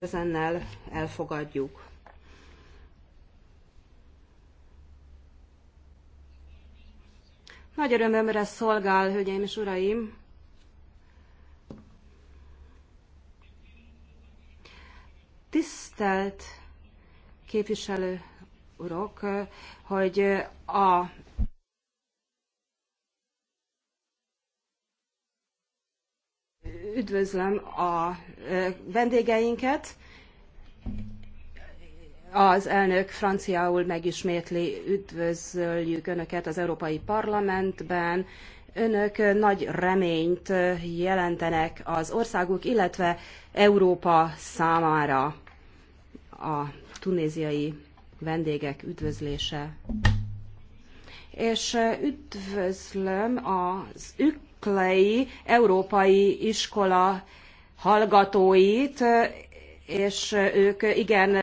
ezennel elfogadjuk. Nagy örömömre szolgál, hölgyeim és uraim, tisztelt képviselő urok, hogy a üdvözlöm a e, vendégeinket. Az elnök franciául megismétli, üdvözöljük Önöket az Európai Parlamentben. Önök nagy reményt jelentenek az országuk, illetve Európa számára a tunéziai vendégek üdvözlése és e, üdvözlöm az berkeley európai iskola hallgatóit és ők igen